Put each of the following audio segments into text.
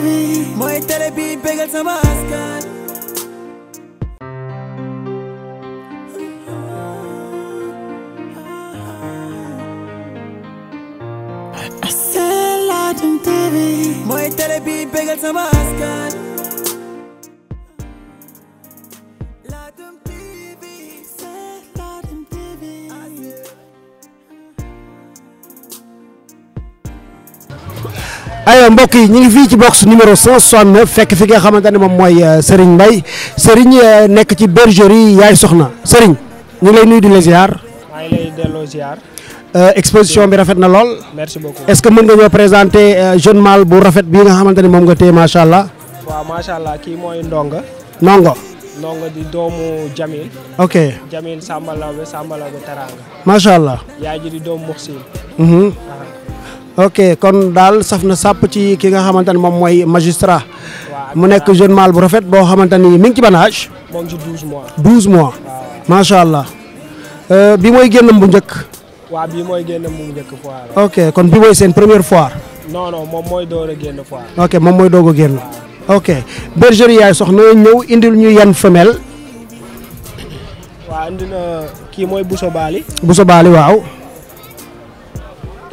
TV mooy télé bi bégal sama askan Sen Ladoum TV mooy télé bi bégal sama askan aywa mbokk yi ñu ngi fii ci box numéro 169 fekk fi nga xamante ne moom mooy euh, Serigne Mbaye Serigne euh, nekk ci bergerie Yaay Soxna Serigne ñu ngi lay nuyu di la ziar. maa ngi lay delloo euh, exposition bi rafet na lool. merci beaucoup est-ce que mën nga ñoo présenté jeune mal bu rafet bi nga xamante ne moom nga téye macha allah. macha allah kii mooy Ndonga. Ndonga. Ndonga di doomu Jamil. ok Jamil Samba Laobé Samba Laobé Teranga. macha allah. yaay ji di doomu Muxsin. Mm-hmm. ok kon daal saf na sàpp ci ki nga xamante ne moom mooy magistrat. mu nekk jeune mâle bu rafet boo xamante ni mi ngi ci ban âge. moo ngi ci douze mois. macha allah euh, bi mooy génnam bu njëkk. waaw bii mooy génnam bu njëkk foire. ok kon bi mooy seen première foire. mooy door génn foire. ok moom mooy doog a génn. ok bergerie yaay soxna ñëw indil ñu yan femelle. waaw kii mooy Bousso Bali. Bousso Bali waaw.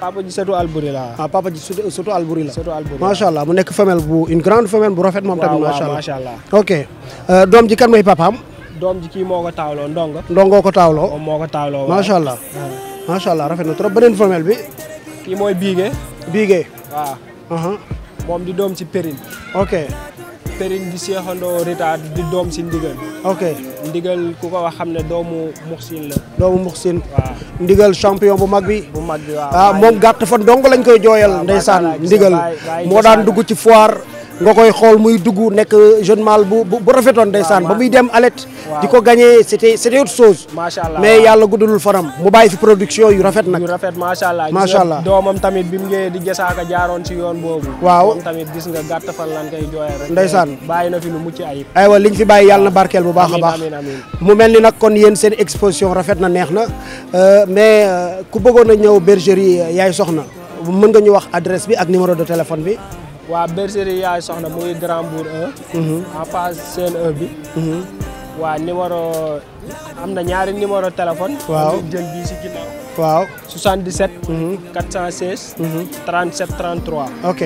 papa ji surtout Albouri la ah la. surtout allah mu nekk femelle bu une grande femelle bu rafet moom tamit. macha allah ok euh, doom ji mooy papaam. doom ji kii moo ko taawloo ndongo. ndongo ko taawloo. moom moo ko taawloo allah. macha rafet na trop beneen femelle bi. kii mooy Biige. Biige moom di doom ci Perrine. ok. Perigne di seexandoo Rita di doom si Ndigal. ok Ndigal ku ko wax xam ne doomu Muxsin la. doomu Muxsin. waaw Ndigal champion bu mag bi. bu mag bi waaw ah, moom gàtt fan dong lañ koy jooyal. ndeysaan Ndigal moo daan dugg ci foir nga koy xool muy dugg nekk jeune mâle bu rafetoon ndeysaan ba muy dem alerte di ko gagné c'était c'était autre macha allah mais yàlla guddalul fanam mu bàyyi fi production yu rafet nag yu rafet macha allah macha allah tamit bi mu ngee di jasaaka jaaroon ci yoon boobu waaw tamit gis nga gàtt fan lan koy jooyal rek bàyyi na fi lu mucc ayib aywa liñ fi bàyyi yàlla na barkeel bu baax a baax mu mel ni nag kon yéen seen exposition rafet na neex na euh, mais euh, ku bëggoon a ñëw bergerie euh, yaay soxna mën nga ñu wax adresse bi ak numéro de téléphone bi waa bergerie yaay soxna mu ngi Grand Mbour 1. Mhm. en face CLE bi. Mhm. waa numéro am na ñaari numéro téléphone. waaw jël bii si ginnaaw. waaw 77. 416. 37 33. ok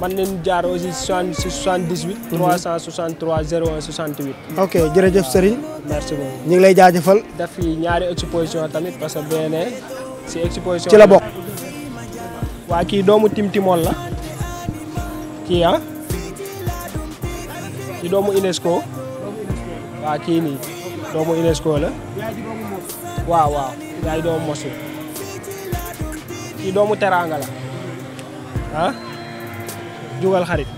man leen jaar si aussi 78. 363 01 68. ok jërëjëf Serigne. merci beaucoup ñu ngi lay jaajëfal. daf fi ñaari exposition tamit parce que beneen si exposition. ci la bokk. waa kii doomu Tim Timon la. kii ah ci doomu UNESCO waaw kii nii doomu UNESCO la waaw waaw yaay doomu mosu kii doomu teraanga la ah? jugal xarit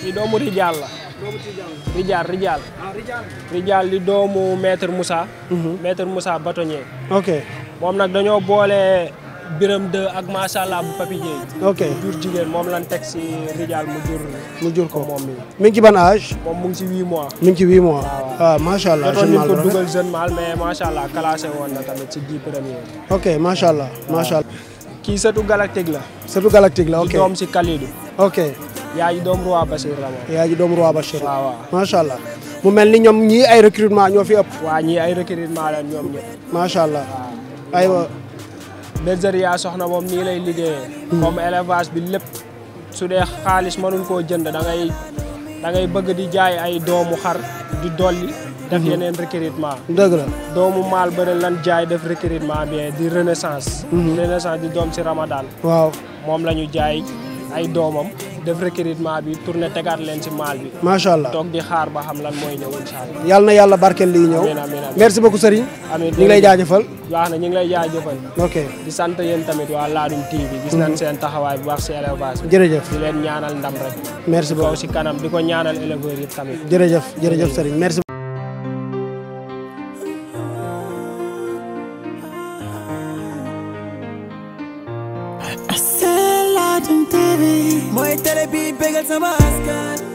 kii doomu rijaal rijaal rijaal di doomu maître Moussa mhm. maître Moussa bâtonnier ok moom nag dañoo boole Biram de ak macha allah bu Papi Dieye. ok jigéen moom lan teg si Rijal mu jur. mu jur ko moom mi. ngi ci ban âge. moom mu ngi ci mois. mi ngi ci huit mois. waaw ah, macha allah jeune mâle ko dugal jeune mâle mais macha allah classé woon na tamit ci dix premiers. ok macha allah macha allah. kii sëtu galactique la. sëtu galactique la ok di doom si Kalidou. ok yaa ji doom Roi Bachir la moom. yaa allah. mu mel ni ñoom ñii ay recrutement ñoo fi ëpp. waa ñii ay recrutement la ñoom ñëpp. bergerie soxna moom nii lay liggéeyee. comme élevage bi lépp su dee xaalis mënuñ koo jënd dangay ngay da ngay bëgg di jaay ay doomu xar di dolli. def mhm. yeneen recrutement. dëgg la doomu maal bëri lan jaay def recrutement bi di renaissance. Mhm. renaissance di doom si Ramadan. waaw moom la ñu jaay ay doomam. def recrutement bi tourné tegaat leen ci maal bi. macha allah toog di xaar ba xam lan mooy ñëw incha allah. yal na yàlla barkeel liy ñëw. merci beaucoup Serigne. amiin ñu ngi lay jaajëfal. na ñu ngi lay jaajëfal. ok di sant yéen tamit waa Ladoum TV. gis mhm. seen taxawaay bu baax si élevage bi. jërëjëf di leen ñaanal ndam rek. merci beaucoup si kanam di ko ñaanal éleveurs yi tamit. jërëjëf jërëjëf mooy télé bi bégal sama askan